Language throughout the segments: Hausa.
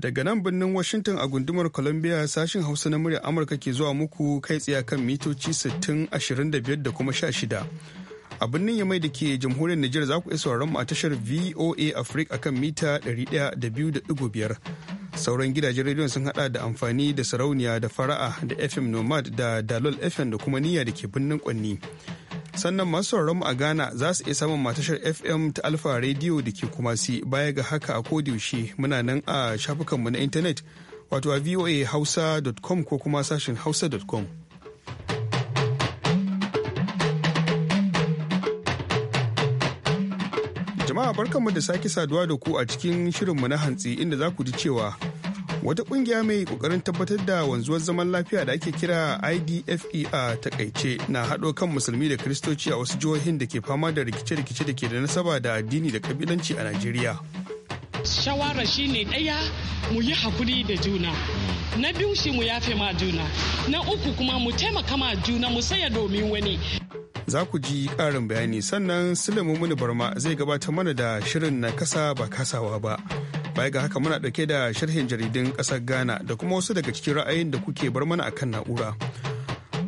Daga nan birnin Washington a gundumar Columbia sashen Hausa na muryar Amurka ke zuwa muku kai tsaye kan mitoci 60, 25 da kuma 16. a birnin yamai da ke jamhuriyar Nijar za ku iya sauraron a tashar VOA Africa akan mita 102.5. Sauran gidajen rediyon sun hada da amfani da sarauniya da fara'a da FM Nomad da Dalol FM da kuma niyya da ke birnin Kwanni. sannan masu mu a ghana za su iya samun matashar fm ta alfa radio da ke kumasi baya ga haka a kodiyoshi muna nan a shafukanmu na intanet wato a voahausa.com ko kuma sashen hausa.com jama'a barkanmu da sake saduwa da ku a cikin shirinmu na hantsi inda za ku ji cewa wata kungiya mai kokarin tabbatar da wanzuwar zaman lafiya da ake kira idfe a takaice na haɗo kan musulmi da kristoci a wasu jihohin da ke fama da rikice-rikice da ke da nasaba da addini da kabilanci a najeriya shawara shine ɗaya mu yi hakuri da juna na biyu shi mu yafe ma juna na uku kuma mu taimaka ma juna mu saya domin wani za ku ji ƙarin bayani sannan sulaimu muni barma zai gabatar mana da shirin na kasa ba kasawa ba Baya ga haka muna ɗauke da sharhin jaridun ƙasar Ghana da kuma wasu daga cikin ra'ayin da kuke bar mana akan na'ura.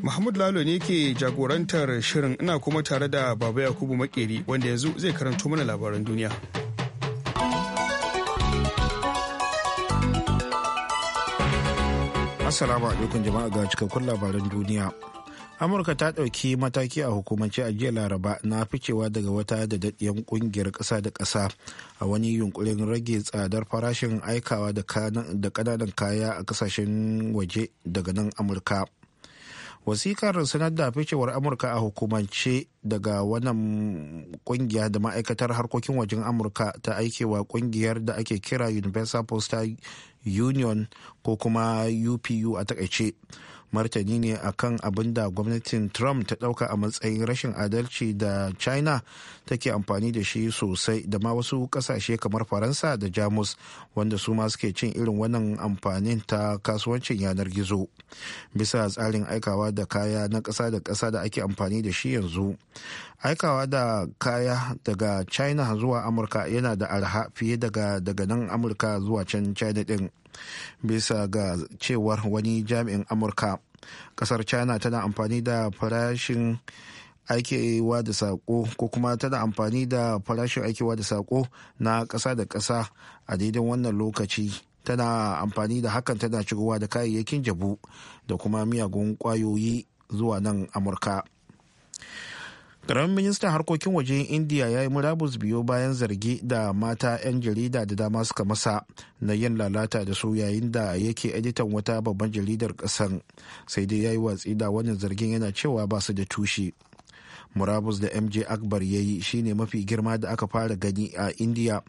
Mahmud Lalo ne ke jagorantar shirin ina kuma tare da Baba Yakubu Makeri wanda yanzu zai karanto mana labaran duniya. Assalamu alaikum jama'a ga cikakkun labaran duniya. amurka ta ɗauki mataki a hukumance a jiya laraba na ficewa daga wata da daɗiyan ƙungiyar ƙasa da ƙasa a wani yunkurin rage tsadar farashin aikawa da ƙananan kaya a ƙasashen waje daga nan amurka wasikar sanar da ficewar amurka a hukumance daga wannan kungiya da ma'aikatar harkokin wajen amurka ta aikewa kungiyar da ake kira universal postal union ko kuma upu a takaice martani ne a kan abin da gwamnatin trump ta dauka a matsayin rashin adalci da china take amfani da shi sosai da ma wasu kasashe kamar faransa da jamus wanda su ma suke cin irin wannan amfanin ta kasuwancin yanar gizo bisa tsarin aikawa da kaya na kasa da kasa da ake amfani da shi yanzu aikawa da kaya daga china zuwa amurka yana da arha fiye daga daga nan amurka zuwa can china din bisa ga cewar wani jami'in amurka kasar china tana amfani da farashin aikewa da sako ko kuma tana amfani da farashin aikewa da sako na kasa da kasa a daidai wannan lokaci tana amfani da hakan tana shigowa da kayayyakin jabu da kuma miyagun kwayoyi zuwa nan amurka Karamin ministan harkokin wajen Indiya ya yi murabus biyo bayan zargi da mata 'yan jarida da dama suka masa na yin lalata da su yayin da yake editan wata babban jaridar ƙasar sai dai ya yi watsi da wannan zargin yana cewa ba su da tushe. Murabus da MJ Akbar ya yi shine mafi girma da aka fara gani a Indiya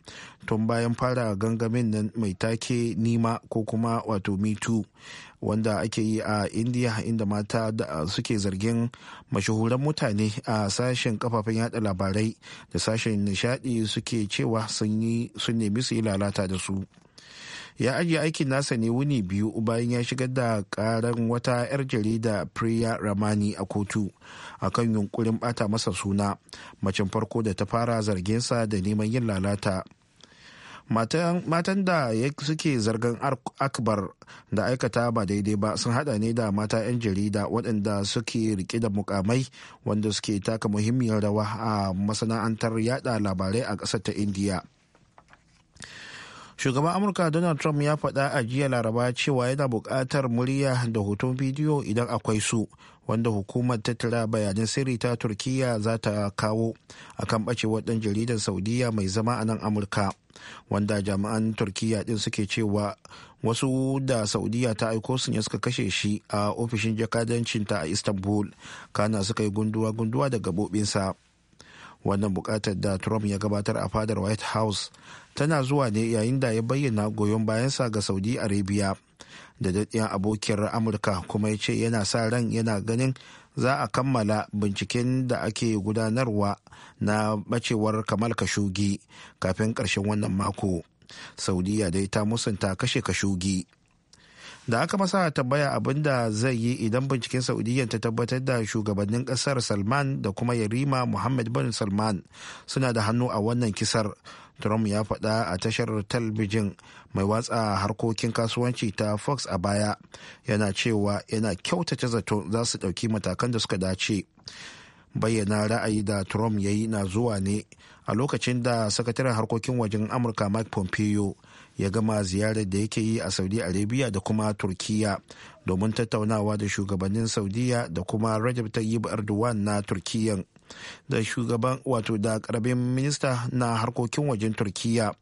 tun bayan fara gangamin nan mai take nima ko kuma wato Me wanda ake yi a indiya inda mata da suke zargin mashahuran mutane a sashen kafafen yada labarai da sashen nishadi suke cewa sun nemi su yi lalata da su ya ajiye aikin nasa ne wuni biyu bayan ya shigar da karan wata 'yar jarida priya ramani a kotu akan yunkurin bata masa suna macin farko da ta fara zarginsa da neman yin lalata matan da suke zargin akbar da aikata ba daidai ba sun hada ne da mata 'yan jarida waɗanda suke rike da mukamai wanda suke taka muhimmiyar rawa a masana'antar yada labarai a ƙasar ta indiya shugaban amurka donald trump ya faɗa a jiya laraba cewa yana buƙatar murya da hoton bidiyo idan akwai su wanda hukumar tattara bayanan sirri ta turkiya za ta kawo akan ɓacewar ɗan jaridar saudiya mai zama a nan amurka wanda jami'an turkiya din suke cewa wasu da saudiya ta aiko sun suka kashe shi a ofishin jakadancinta a istanbul kana suka yi gunduwa-gunduwa da gabobinsa wannan bukatar da trump ya gabatar a fadar white house tana zuwa ne yayin da ya bayyana goyon bayansa ga saudi arabia da daɗin abokiyar amurka kuma ya ce yana sa ran yana ganin za a kammala binciken da ake gudanarwa na bacewar kamal kashugi kafin ƙarshen wannan mako saudiya dai ta musanta kashe kashugi. da aka masa tambaya abin da zai yi idan binciken saudiyyar ta tabbatar da shugabannin kasar salman da kuma yarima muhammad bin salman suna da hannu a wannan kisar trump ya faɗa a tashar talbijin mai watsa harkokin kasuwanci ta fox a baya yana cewa yana kyautata zato za su ɗauki matakan da suka dace bayyana ra'ayi da trump ya yi na zuwa ne a lokacin da sakataren harkokin wajen amurka mike pompeo ya gama ziyarar da yake yi a saudi arabia da kuma turkiya domin tattaunawa da shugabannin saudiya da kuma rajab tayyib erdogan na turkiyan da shugaban wato da karabin minista na harkokin wajen turkiya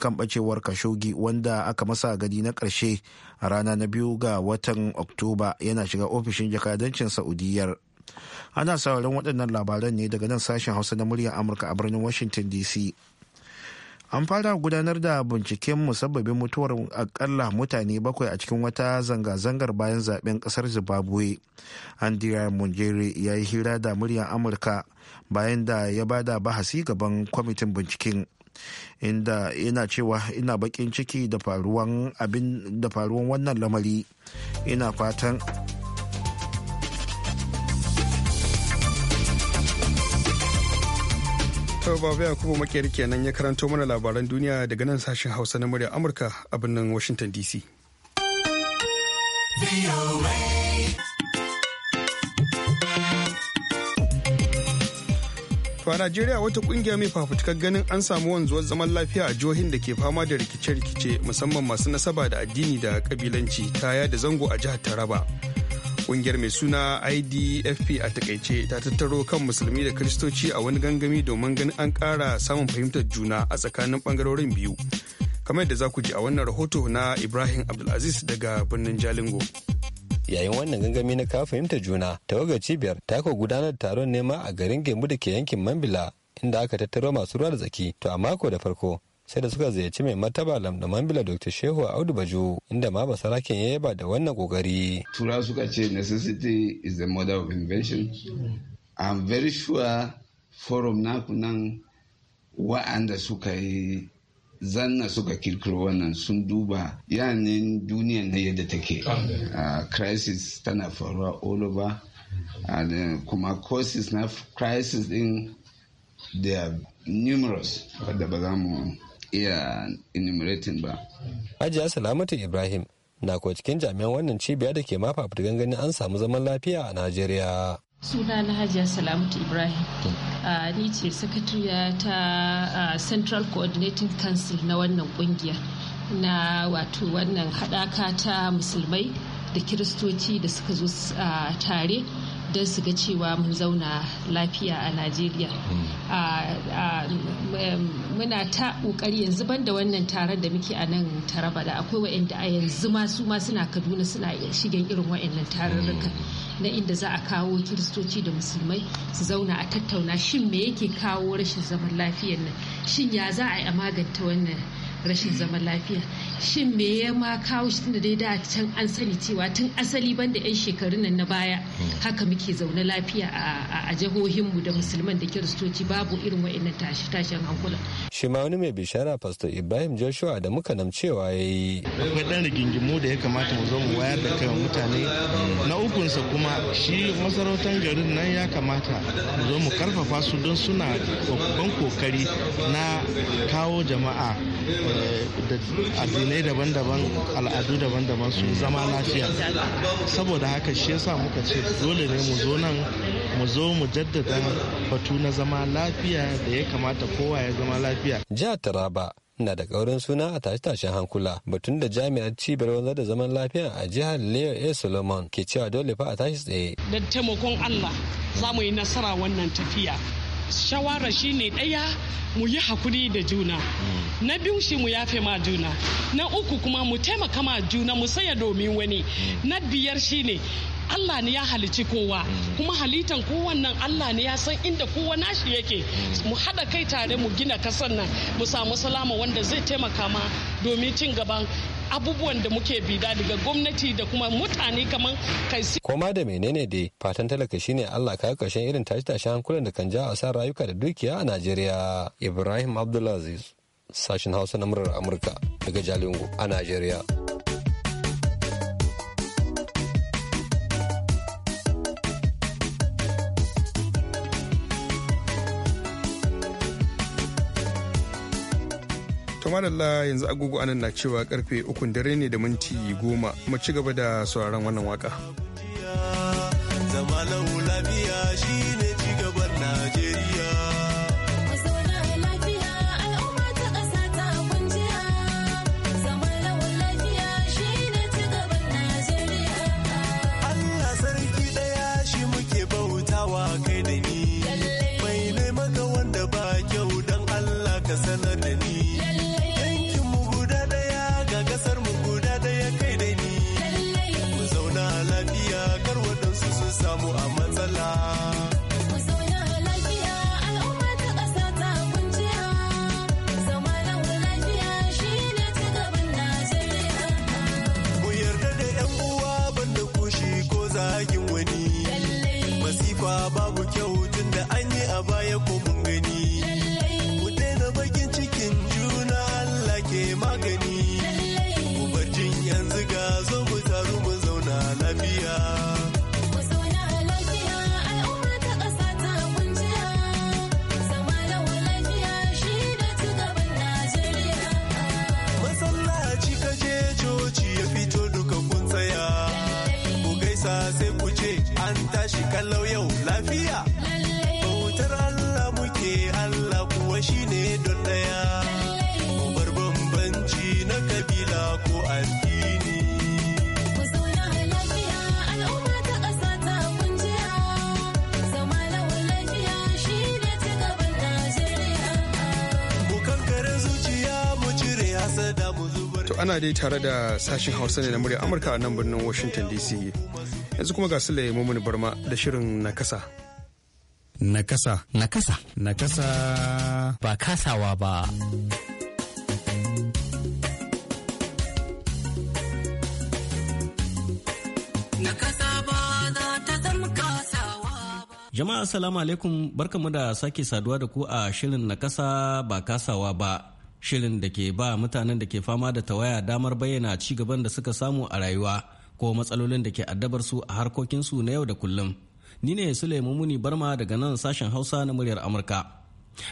kan bacewar kashogi wanda aka masa gadi na karshe a rana na biyu ga watan oktoba yana shiga ofishin jakadancin saudiyar ana sauran waɗannan labaran ne daga nan sashen hausa na muryar amurka a birnin washington dc an fara gudanar da binciken musabbabin mutuwar akalla mutane bakwai a cikin wata zanga-zangar bayan zaben kasar zimbabwe andrea mungere ya yi hira da muryar amurka bayan da ya bada bahasi gaban kwamitin binciken inda yana cewa ina bakin ciki da faruwan wannan lamari ina fatan kuma Yakubu Makeri kenan ya karanto mana labaran duniya daga nan sashen Hausa na murya Amurka a birnin Washington DC. a Najeriya wata kungiya mai fafutukar ganin an samu wanzuwar zaman lafiya a jihohin da ke fama da rikice-rikice musamman masu nasaba da addini da kabilanci ta yada zango a jihar Taraba. Kungiyar mai suna IDFP a takaice ta tattaro kan musulmi da kristoci a wani gangami domin ganin an kara samun fahimtar juna a tsakanin bangarorin biyu. Kamar yadda za ku ji a wannan rahoto na Ibrahim Abdulaziz daga birnin Jalingo. yayin wannan gangami na ka fahimtar juna tawaga cibiyar ta ko gudanar taron nema a garin gemu da ke yankin mambila inda aka tattaro masu ruwa da tsaki to a mako da farko sai da suka ziyarci mai martaba lamdaman bila dr shehu a audu bajo inda ma basaraken ya yaba da wannan kokari tura suka ce necessity is the mother of invention i'm very sure forum na nan wa'anda suka yi zanna suka kirkiro wannan sun duba yanin duniya na yadda take ah, crisis tana faruwa all over eh, kuma causes na crisis din they are numerous wadda ba za mu iya enumerating ba. Hajiya Salamatu Ibrahim na kuwa cikin jami'an wannan cibiya da ke mafa fitigan ganin an samu zaman lafiya a Najeriya. Suna na Hajiya Salamatu Ibrahim. Ni ce sakatariya ta Central Coordinating Council na wannan kungiya na wato wannan haɗaka ta musulmai da kiristoci da suka zo tare. don su ga cewa mun zauna lafiya a najeriya hmm. muna ta kokari yanzu ban da wannan taron da muke a nan taraba da akwai wa'anda a yanzu ma su ma suna kaduna suna shigen irin wa'annan tarurruka hmm. na inda za a kawo kiristoci da musulmai su zauna a tattauna shin me yake kawo rashin zaman lafiyan nan shin ya za a yi a maganta wannan rashin zaman lafiya shin me ya ma kawo shi tunda dai da can an sani cewa tun asali ban da yan shekarun nan na baya hmm. haka muke zaune lafiya a jihohinmu da musulman da kiristoci babu irin wa'annan tashin hankula shi ma wani mai bishara pastor ibrahim joshua da muka nam cewa ya yi akwai rigingimu da ya kamata mu zo mu wayar da kan mutane hmm. na ukunsa kuma shi masarautar garin nan ya kamata mu zo mu karfafa su don suna babban kokari na kawo jama'a addinai daban-daban al'adu daban-daban su zama lafiya saboda haka shi yasa muka ce dole ne mu zo nan mu zo mu jaddada batu na zama lafiya da ya kamata kowa ya zama lafiya jihar taraba na da ƙaurin suna a tashe-tashen hankula batun da jami'ar cibiyar wanzar da zaman lafiya a jihar leo a solomon ke cewa dole fa a tashi tsaye da taimakon allah za mu yi nasara wannan tafiya shawara shine ɗaya mu yi hakuri da juna na biyu shi mu yafe ma juna na uku kuma mu taimaka ma juna mu saya domin wani mm. na biyar shine Allah ne ya halici kowa mm. kuma halitan kowannan Allah ne ya san inda kowa nashi yake mm. mu haɗa kai tare mu gina kasar nan mu samu salama wanda zai taimaka ma domin cin gaban abubuwan da muke bida daga gwamnati da kuma mutane kaman kai koma da menene dai fatan talaka shine Allah ka karshen irin tashi tashi hankulan da kan ja a asar rayuka da dukiya a Najeriya Ibrahim Abdulaziz sashin Hausa na murar Amurka daga Jalingo a Najeriya. kamar Allah yanzu agogo anan na cewa karfe ukun dare ne da minti goma mu ci gaba da sauraron wannan waka. Zama lafiya shi tashi kallau yau lafiya bautar Allah muke Allah kuwa shine don daya bar bambanci na kabila ko addini To ana dai tare da sashen Hausa ne na murya Amurka a nan birnin Washington DC. yanzu kuma ga sule mumuni barma da shirin na kasa na kasa na kasa na kasa ba kasawa ba Jama'a salamu alaikum barkamu da sake saduwa da ku a shirin na kasa ba kasawa ba shirin da ke ba mutanen da ke fama da tawaya damar bayyana ci gaban da suka samu a rayuwa ko matsalolin da ke addabar su a harkokinsu na yau da kullum. Ni ne Suleiman Muni Barma daga nan sashen Hausa na muryar Amurka.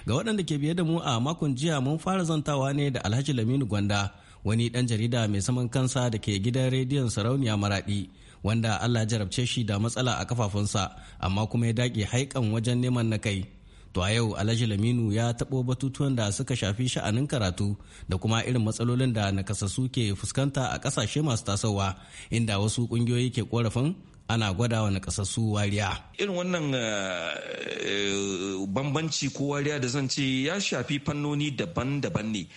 Ga waɗanda ke biye da mu a makon jiya mun fara zantawa ne da Alhaji Laminu Gwanda, wani ɗan jarida mai saman kansa da ke gidan rediyon Sarauniya Maraɗi, wanda Allah jarabce shi da matsala a kafafunsa, amma kuma ya daƙe haikan wajen neman na kai. To a yau Alhaji Laminu ya taɓo batutuwan da suka shafi sha'anin karatu da kuma irin matsalolin da nakasassu ke fuskanta a ƙasashe masu tasowa inda wasu ƙungiyoyi ke korafin ana gwada wa nakasassu wariya. Irin wannan eh, eh, bambanci ko wariya da zan ce ya shafi fannoni daban-daban ne.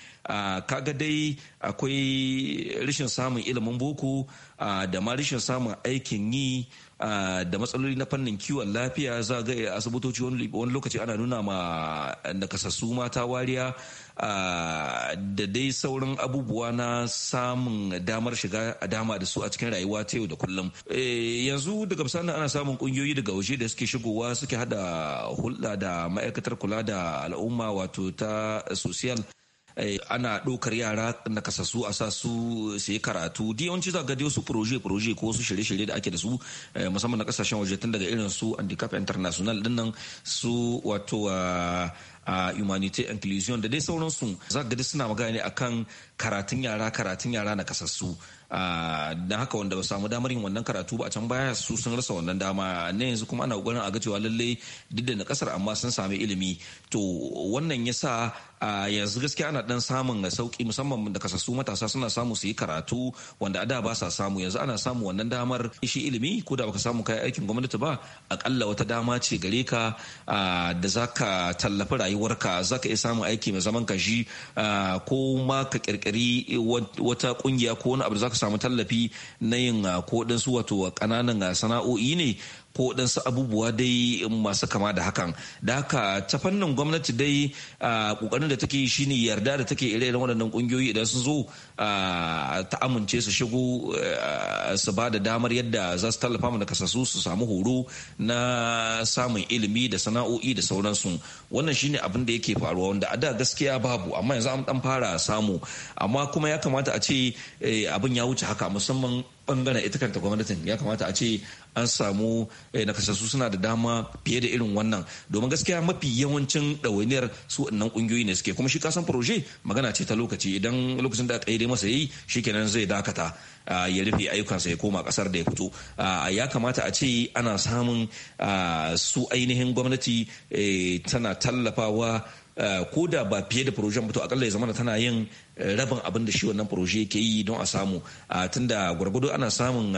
kaga dai akwai rashin samun ilimin boko da ma rashin samun aikin yi da matsaloli na fannin kiwon lafiya za ga asibitoci wani lokaci ana nuna ma nakasassu mata wariya da dai sauran abubuwa na samun damar shiga a dama da su a cikin rayuwa ta yau da kullum e, yanzu daga bisani ana samun kungiyoyi daga waje da suke shigowa suke hada hulɗa da ma'aikatar kula da al'umma wato ta social Eh, ana ɗaukar yara nakasassu a sa su su yi karatu da yawanci za ga dai su proje-proje ko su shirye-shirye da ake da su eh, musamman na kasashen waje tun daga irin su handicap international dinnan su wato a ah, ah, humanity inclusion da dai sauransu za ga suna magana ne akan karatun yara karatun yara na kasassu ah, da haka wanda ba samu damar yin wannan karatu ba a can baya su sun rasa wannan dama na yanzu kuma ana gwanin a ga cewa lallai duk da na kasar amma sun sami ilimi to wannan ya sa yanzu gaskiya ana dan samun sauki musamman da kasassu matasa suna samu su yi karatu wanda a da ba sa samu yanzu ana samu wannan damar shi ilimi ko da baka samu kayan aikin gwamnati ba akalla wata dama ce gare ka da zaka tallafi rayuwarka zaka iya samun aiki mai zaman kashi ko ma ka kirkiri kirkiri wata kungiya ko wani abu da za ka samu tallafi na yin ah, ko su wato kananan ah, sana'o'i ne ko waɗansu abubuwa dai masu kama da hakan da haka ta fannin gwamnati dai a ƙoƙarin da take shine yarda da take ire-iren waɗannan ƙungiyoyi idan sun zo ta amince su shigo su ba da damar yadda za su tallafa mana kasasu su samu horo na samun ilimi da sana'o'i da sauransu wannan shine abin da yake faruwa wanda a da gaskiya babu amma yanzu an dan fara samu amma kuma ya kamata a ce eh, abin ya wuce haka musamman bangaren ita kanta gwamnatin ya kamata a ce an samu eh, nakasassu suna da dama fiye da irin wannan domin gaskiya mafi yawancin ɗawainiyar su nan ƙungiyoyi ne suke kuma shi kasan proje magana ce ta lokaci idan lokacin da aka yi masa yi shikenan zai dakata ya rufe ayyukansa ya koma kasar da ya fito ya kamata a ce ana samun su ainihin gwamnati eh, tana tallafawa Eh, ko da ba fiye da projen ba to akalla ya zamana tana yin eh, rabin abin da shi wannan proje ke yi don a samu tunda gwargwado ana samun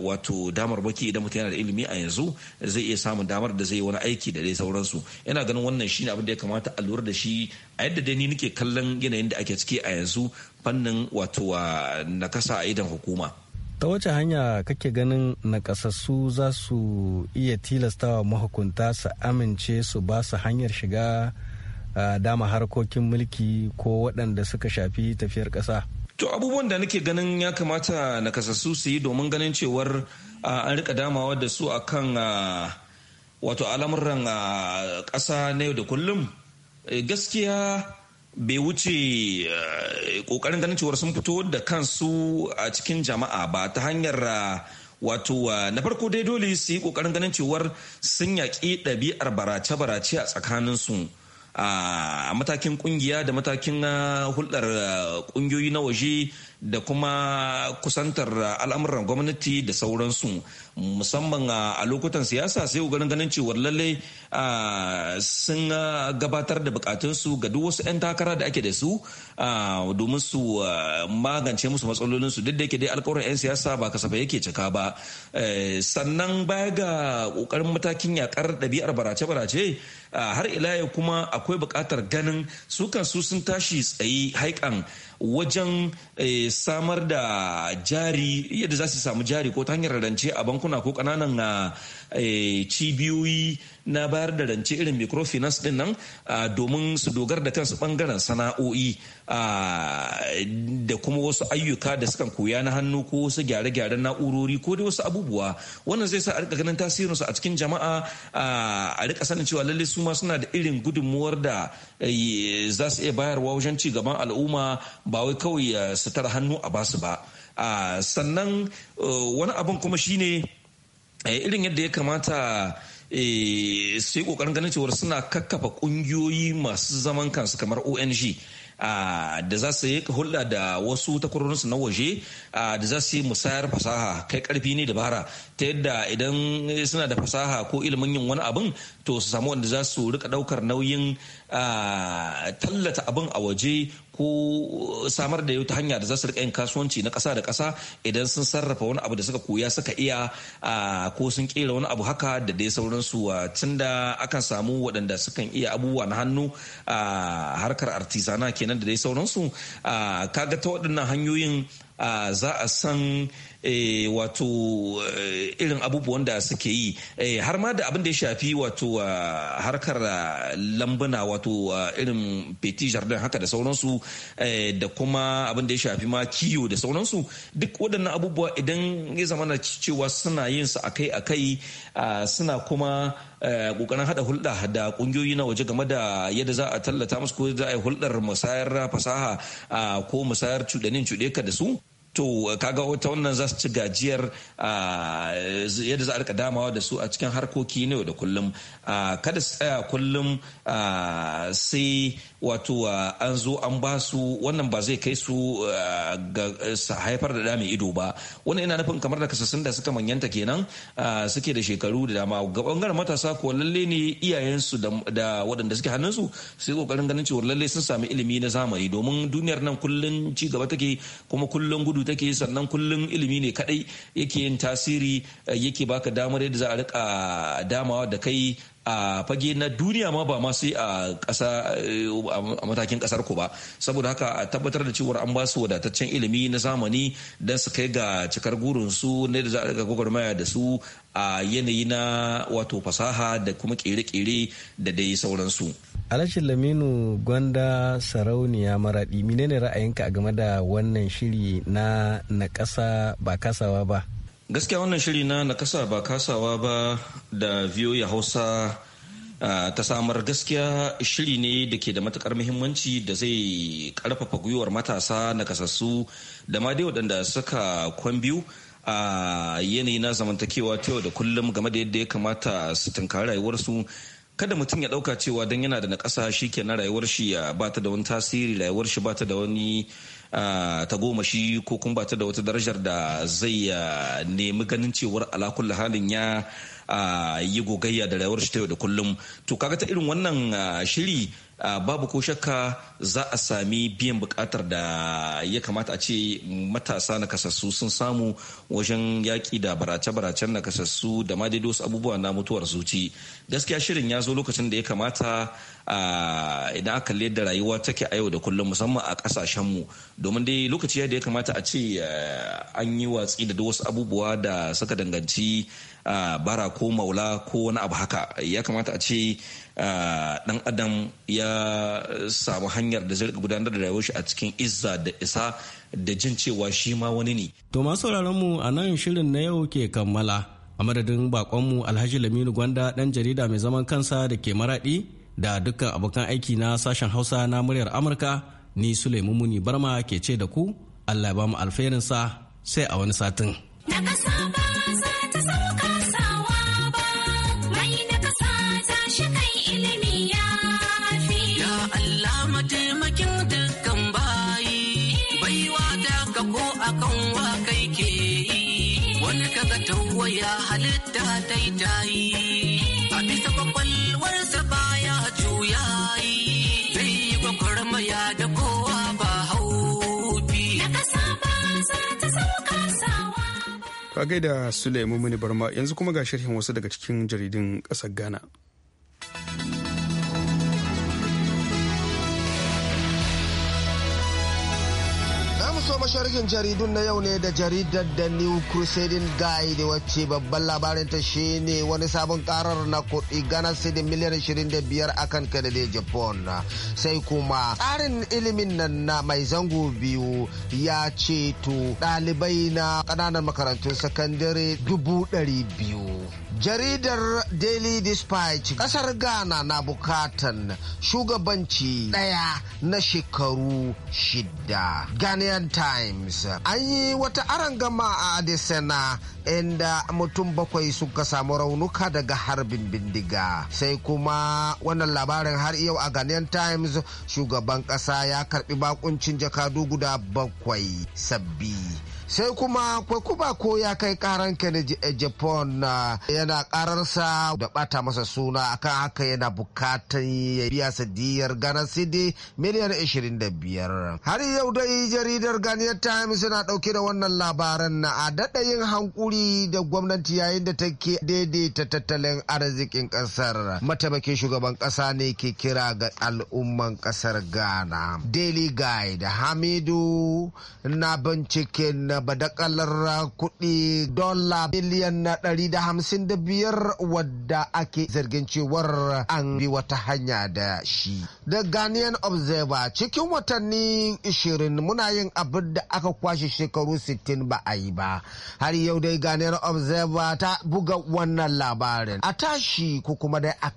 wato damar baki idan mutum yana da ilimi a yanzu zai iya samun damar da zai yi wani aiki da dai sauransu yana ganin wannan shine abin da ya kamata a lura da shi a yadda dai ni nake kallon yanayin da ake ciki a yanzu fannin wato nakasa a idan hukuma ta wace hanya kake ganin nakasassu za su iya tilastawa mahukunta su amince su ba su hanyar shiga dama harkokin mulki ko waɗanda suka shafi tafiyar ƙasa. To abubuwan da nake ganin ya kamata na kasassu su yi domin ganin cewar an rika damawa da su akan wato al'amuran ƙasa na yau da kullum eh, gaskiya bai wuce eh, ƙoƙarin ganin cewar sun fito da kansu a cikin jama'a ba ta hanyar wato na farko dai dole su yi ƙoƙarin ganin cewar sun yaƙi ɗabi'ar barace-barace a tsakaninsu a matakin kungiya da matakin ah, hulɗar ah, kungiyoyi na waje da kuma kusantar al'amuran gwamnati da sauransu musamman a lokutan siyasa sai ganin ganin cewar lalle sun gabatar da bukatunsu ga duk wasu 'yan takara da ake da su domin su magance musu matsalolinsu duk da yake dai alkawarin 'yan siyasa ba kasafai yake cika ba e, sannan baya ga kokarin matakin yakar ɗabi'ar barace-barace har ila kuma akwai bukatar ganin su kan su sun tashi tsaye haikan wajen eh, samar da jari yadda za su samu jari ko ta hanyar rance a bankuna ko ƙananan ah, eh, cibiyoyi na bayar da rance irin microfinance din nan domin su dogar da kansu bangaren sana'o'i da kuma wasu ayyuka da sukan koya na hannu ko wasu gyare-gyaren na'urori ko da wasu abubuwa wannan zai sa a rika ganin tasirinsu a cikin jama'a a rika sanin cewa lallai su ma suna da irin gudunmuwar da e, za su iya bayarwa wajen ci gaban al'umma ba wai kawai e, su tara hannu a basu ba sannan e, wani abin kuma shine irin yadda ya kamata Eh, su yi kokarin ganin cewar suna kakkafa kungiyoyi masu zaman kansu kamar ong ah, da za su yi hulɗa da wasu takwarorinsu na waje ah, da za su yi musayar fasaha kai karfi ne da bara ta yadda idan suna da fasaha ko ilimin yin wani abin to su samu wanda za su rika ɗaukar nauyin ah, tallata abin a waje ko samar da wata hanya da za su rika yin kasuwanci na kasa da kasa idan sun sarrafa wani abu da suka koya suka iya ko sun kera wani abu haka da dai sauransu tun da akan samu waɗanda sukan iya abubuwa na hannu a harkar artisana kenan da dai sauransu kaga ta waɗannan hanyoyin za a san Eh, wato eh, irin abubuwan da suke yi eh, har ma da abin da ya shafi wato ah, harkar ah, lambuna wato ah, irin petit jardin haka da sauransu da kuma abin da ya shafi ma kiyo da sauransu duk waɗannan abubuwa idan ya zama na cewa suna yin su akai-akai suna kuma kokarin hada hulɗa da kungiyoyi na waje game da yadda za a tallata musu ko za a yi hulɗar musayar fasaha ko musayar cuɗanin cuɗe ka da su to eh, kaga wata wannan za su ci gajiyar ah, yadda za a rika damawa da su a cikin harkoki na yau da kullum ah, kada su tsaya kullum ah, sai wato an zo an ba su wannan ba zai kai su ga haifar da mai ido ba wannan ina nufin kamar da kasassun da suka manyanta kenan suke da shekaru da dama ga bangaren matasa ko lalle ne iyayensu da waɗanda suke hannun su sai kokarin ganin cewa lalle sun sami ilimi na zamani domin duniyar nan kullum ci gaba take kuma kullum gudu gudu take sannan kullum ilimi ne kadai yake yin tasiri eh, yake baka damar yadda za a rika damawa da kai a fage na duniya ma ba masu a ƙasa eh, a matakin ƙasar ku ba saboda haka a tabbatar da cewar an ba su wadataccen ilimi na zamani don su kai ga cikar gurin su ne da za a ga gwagwarmaya da su a yanayi na wato fasaha da kuma kere-kere da dai sauransu. Alashin Laminu Gwanda Sarauniya Maraɗi, menene ra'ayinka game da wannan shiri na na ƙasa ba kasawa ba? gaskiya wannan shiri na na kasa ba kasawa ba da ya hausa ta samar gaskiya shiri ne da ke da matukar muhimmanci da zai karfafa gwiwar matasa na kasassu da ma dai waɗanda suka kwan biyu a yanayi na zamantakewa ta yau da kullum game da yadda ya kamata su tunkari rayuwarsu kada mutum ya dauka cewa don yana da na ƙasa shi kenan rayuwar shi ya bata da wani tasiri rayuwar shi bata da wani tagomashi ko kuma bata da wata darajar da zai nemi ganin cewar alakulla halin ya yi gogayya da rayuwar shi ta yau da kullum to kaga ta irin wannan shiri babu ko shakka za a sami biyan bukatar da ya kamata a ce matasa na kasassu sun samu wajen yaƙi da barace-baracen na kasassu da ma wasu abubuwa na mutuwar zuci gaskiya shirin ya zo lokacin da ya kamata idan aka kalli yadda rayuwa take a yau da kullum musamman a kasashen mu domin dai lokaci da ya kamata a ce eh, an yi watsi da wasu abubuwa da suka danganci eh, bara ko maula ko wani abu haka ya kamata a ce dan eh, adam ya samu hanyar da zai gudanar da rayuwar shi a cikin izza da isa da jin cewa shi ma wani ne to masu mu a nan shirin na yau ke kammala a madadin bakonmu alhaji laminu gwanda dan jarida mai zaman kansa da ke maraɗi. da dukkan abokan aiki na sashen hausa na muryar amurka ni sulaimu muni barma ke ce da ku allah ya ba mu alfairinsa sai a wani satin Wani kaga halitta daidai a bisa kwakwal ka a gaida Sulaimu mini Barma yanzu kuma ga sharhin wasu daga cikin jaridun ƙasar Ghana. Masharikin sharhin jaridun na yau ne da jaridar da New Crusading Guide wacce babban labarin ta ne. wani sabon karar na kuɗi Ghana Cedin miliyan 25 akan da Japan. Sai kuma tsarin ilimin nan na mai zango biyu ya ceto ɗalibai na ƙananan makarantun sakandare dubu ɗari jaridar daily dispatch kasar ghana na bukatan shugabanci daya na shekaru shida ghanaian times an yi wata gama a adesina inda mutum bakwai suka samu raunuka daga harbin bindiga sai kuma wannan labarin har yau a ghanaian times shugaban kasa ya karbi bakuncin jakadu guda bakwai sabbi sai kuma kuma ko ya kai karan na japan yana kararsa da bata masa suna akan haka yana bukatan ya biya sadiyar ganar sidi miliyan 25 har yau dai jaridar ghanaian times na dauke da wannan labaran na a dadayin hankuri da gwamnati yayin da take daidaita tattalin arzikin ƙasar mataimakin shugaban ƙasa ne ke kira ga al'umman ƙasar ghana daily guide hamidu na binciken badakalar kuɗi dola biliyan na ɗari da hamsin da biyar wadda ake zargin cewar an bi wata hanya da shi. The Ghanaian Observer cikin watanni ishirin muna yin abin da aka kwashe shekaru sittin ba a yi ba. Har yau dai Ghanaian Observer ta buga wannan labarin. A tashi ko kuma dai a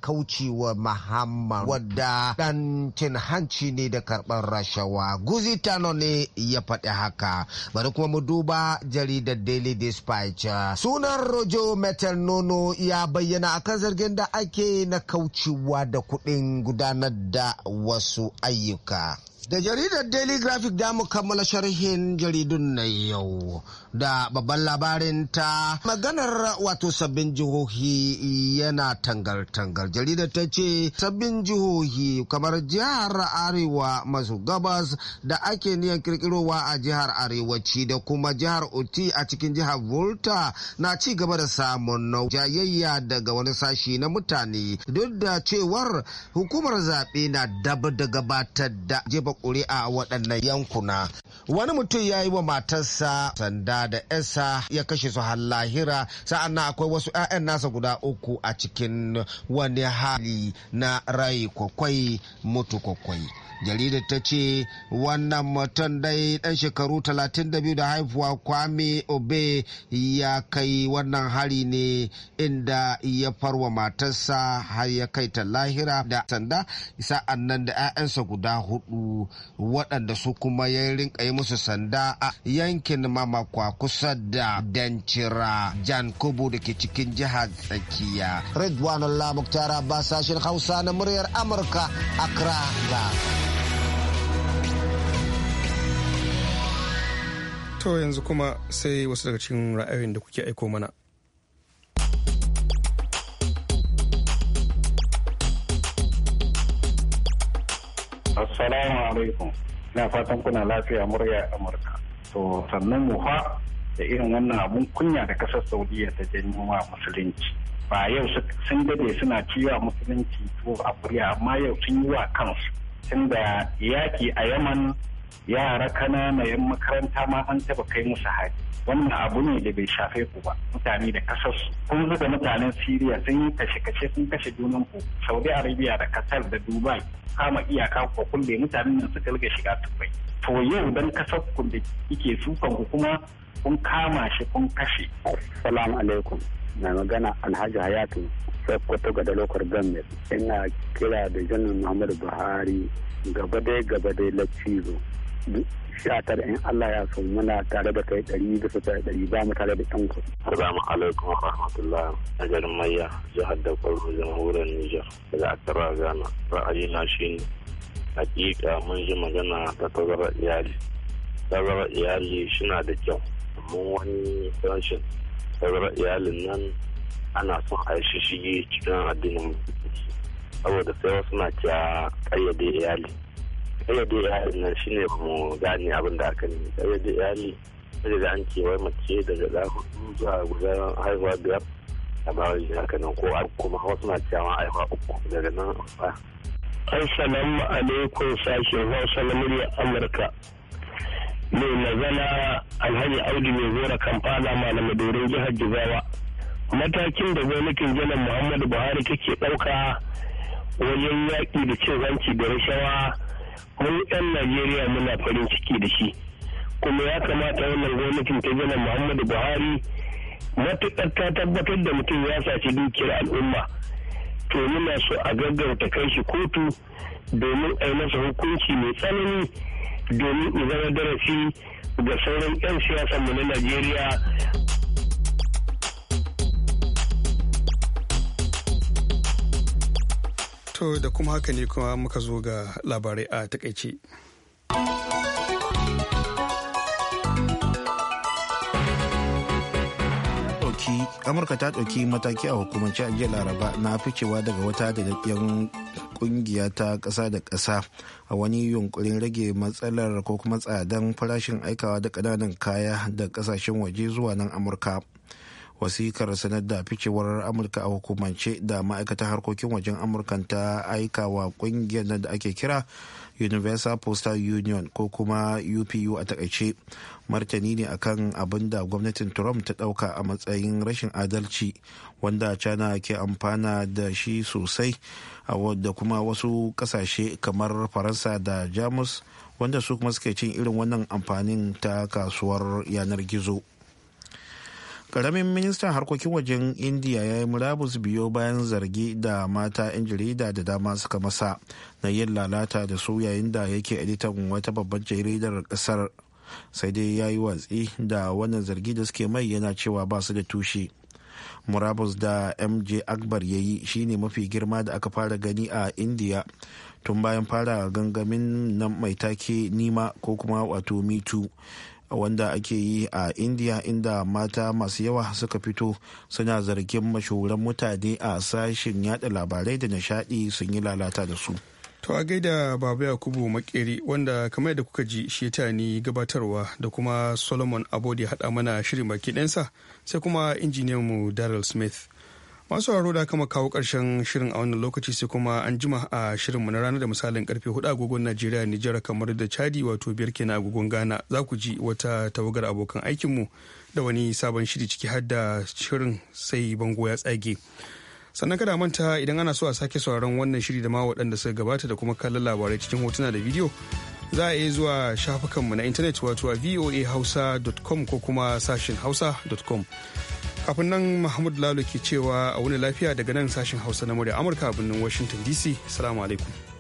wa Muhammad wadda dan cin hanci ne da karɓar rashawa. Guzi Tano ne ya faɗi haka. Bari kuma mu duba jaridar daily dispatch sunan rojo metal nono ya bayyana akan zargin da ake na kaucewa da kuɗin gudanar da wasu ayyuka Da jaridar Daily Graphic da kammala sharhin jaridun na yau da babban labarin ta maganar wato sabbin jihohi yana tangar tangal Jaridar ta ce sabbin jihohi kamar jihar Arewa masu gabas da ake niyan kirkirowa a jihar Arewaci da kuma jihar Oti a cikin jihar Volta na ci gaba da samun jayayya daga wani sashi na mutane duk da cewar hukumar zaɓe na dab da gabatar da ƙuri'a a waɗannan yankuna wani mutum ya yi wa matarsa sanda da esa ya kashe su har lahira sa'an akwai wasu 'ya'yan nasa guda uku a cikin wani hali na rai kwakwai mutu kwakwai Jarida ta ce wannan mutum dai dan shekaru 32 da haifuwa kwame obe ya kai wannan hari ne inda ya farwa matarsa har ya kai ta lahira da sanda sa'an nan da 'ya'yansa guda hudu waɗanda su kuma ya rinka yi musu sanda a yankin mamakwa kusa da dancira jan kubu da ke cikin jihar tsakiya redwanullah muktara ba sashen hausa na muryar amurka accra ga To yanzu kuma sai wasu daga cikin ra'ayoyin da kuke aiko mana. Assalamu alaikum. Ina fatan kuna lafiya murya Amurka. To sannan mu fa da irin wannan abun kunya da kasar Saudiya ta janyo wa musulunci. Ba yau sun dade suna ciwa musulunci to a amma yau sun yi wa kansu. Tunda yaki a Yaman yara kanana yan makaranta ma an taba kai musu hari wannan abu ne da bai shafe ku ba mutane da kasar kun zuba mutanen siriya sun yi kashe kashe sun kashe junan ku saudi arabia da qatar da dubai kama iyaka ko kulle mutanen nan suka riga shiga turai to yau dan kasar ku da kike sukan ku kuma kun kama shi kun kashe assalamu alaikum na magana alhaji hayatu sokoto gada lokar gamet ina kira da janar muhammadu buhari gaba dai gaba dai lacizo sha tara in Allah ya so muna tare da kai ɗari bisa tare ɗari ba mu tare da ɗan ku. Salamu alaikum wa rahmatullah a garin Maiya jihar da Kwaro jamhuriyar Nijar daga Accra Ghana na shi ne hakika mun ji magana ta tazarar iyali. Tazarar iyali shina da kyau amma wani rashin tazarar iyalin nan ana son a shi shige cikin addinin saboda sai wasu na kya ƙayyade iyali. kayyade iyalin nan shine mu gane abin da aka nemi kayyade iyali sai da an wai mace daga da zuwa guda haihuwa biyar a bawon haka nan ko kuma wasu na cewa haihuwa uku daga nan assalamu alaikum sashen hausa na murya amurka mai magana alhaji audu mai zora kamfana malam dorin jihar jigawa matakin da gwamnatin janar muhammadu buhari kake ɗauka wajen yaƙi da cin hanci da rashawa mun yan najeriya muna farin ciki da shi kuma ya kamata wannan gwamnatin ta jana muhammadu buhari matuƙar ta tabbatar da mutum ya saci dukiyar al'umma to muna so a gaggauta kai shi kotu domin a yi masa hukunci mai tsanani domin zama darasi ga sauran 'yan mu na najeriya To da kuma haka ne kuma muka zo ga labarai a takaice. amurka ta ɗauki mataki a hukumance a jiya laraba na ficewa daga wata daɗaɗɗiyar kungiya ta ƙasa da ƙasa a wani yunƙurin rage matsalar ko kuma tsadan farashin aikawa da ƙananan kaya da ƙasashen waje zuwa nan amurka wasikar sanar da ficewar amurka a hukumance da ma'aikatar harkokin wajen amurkan ta aika wa kungiyar da ake kira universal postal union ko kuma upu a takaice martani ne akan abin da gwamnatin trump ta dauka a matsayin rashin adalci wanda china ke amfana da shi sosai da kuma wasu kasashe kamar faransa da jamus wanda su kuma suke cin irin wannan amfanin ta kasuwar yanar gizo. karamin ministan harkokin wajen indiya ya yi murabus biyo bayan zargi da mata 'yan jarida da dama suka masa na yin lalata da su yayin da yake editan wata babbar jaridar kasar sai dai ya yi watsi da wannan zargi da suke mai yana cewa ba su da tushe murabus da mj akbar ya yi shine mafi girma da aka fara gani a indiya tun bayan fara gangamin nan mai take nima ko kuma wato me wanda ake yi a indiya inda mata masu yawa suka fito suna zargin mashahuran mutane a sashen yada labarai da nishadi sun yi lalata da su to a gaida baba yakubu makeri wanda kamar da kuka ji sheta ni gabatarwa da kuma solomon abodi hada mana shirin baki ɗansa sai kuma injiniyan mu daryl smith masu sauraro da kama kawo karshen shirin a wannan lokaci sai kuma an jima a shirinmu na ranar da misalin karfe hudu agogon najeriya nijar kamar da chadi wato biyar kenan agogon ghana za ku ji wata tawagar abokan aikinmu da wani sabon shiri ciki har da shirin sai bango ya tsage sannan kada manta idan ana so a sake sauraron wannan shiri da ma waɗanda suka gabata da kuma kallon labarai cikin hotuna da bidiyo za a iya zuwa shafukanmu na intanet wato a voahausa.com ko kuma sashin hausa.com kafin nan mahmud lalo ke cewa a wani lafiya daga nan sashen hausa na murya amurka a birnin washington dc salamu alaikum